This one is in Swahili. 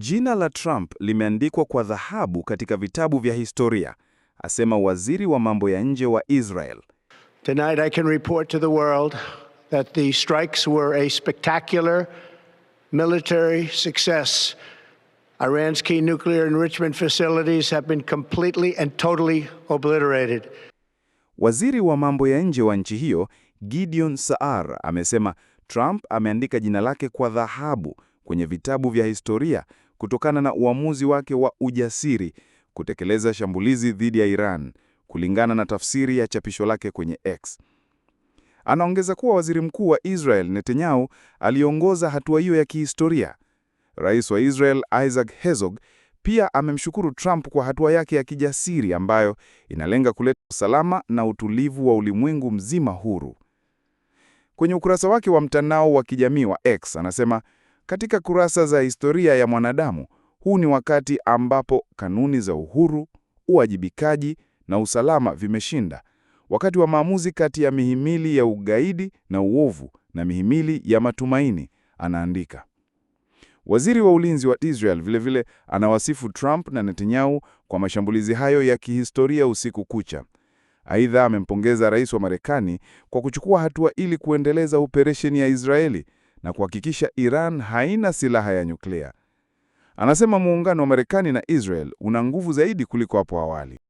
Jina la Trump limeandikwa kwa dhahabu katika vitabu vya historia, asema waziri wa mambo ya nje wa Israel. Tonight I can report to the world that the strikes were a spectacular military success. Iran's key nuclear enrichment facilities have been completely and totally obliterated. Waziri wa mambo ya nje wa nchi hiyo, Gideon Saar, amesema Trump ameandika jina lake kwa dhahabu kwenye vitabu vya historia kutokana na uamuzi wake wa ujasiri kutekeleza shambulizi dhidi ya Iran, kulingana na tafsiri ya chapisho lake kwenye X. Anaongeza kuwa waziri mkuu wa Israel Netanyahu aliongoza hatua hiyo ya kihistoria. Rais wa Israel Isaac Herzog pia amemshukuru Trump kwa hatua yake ya kijasiri ambayo inalenga kuleta usalama na utulivu wa ulimwengu mzima huru. Kwenye ukurasa wake wa mtandao wa kijamii wa X anasema katika kurasa za historia ya mwanadamu, huu ni wakati ambapo kanuni za uhuru, uwajibikaji na usalama vimeshinda, wakati wa maamuzi kati ya mihimili ya ugaidi na uovu na mihimili ya matumaini, anaandika. Waziri wa ulinzi wa Israel vilevile vile anawasifu Trump na Netanyahu kwa mashambulizi hayo ya kihistoria usiku kucha. Aidha, amempongeza rais wa Marekani kwa kuchukua hatua ili kuendeleza operesheni ya Israeli na kuhakikisha Iran haina silaha ya nyuklia. Anasema muungano wa Marekani na Israel una nguvu zaidi kuliko hapo awali.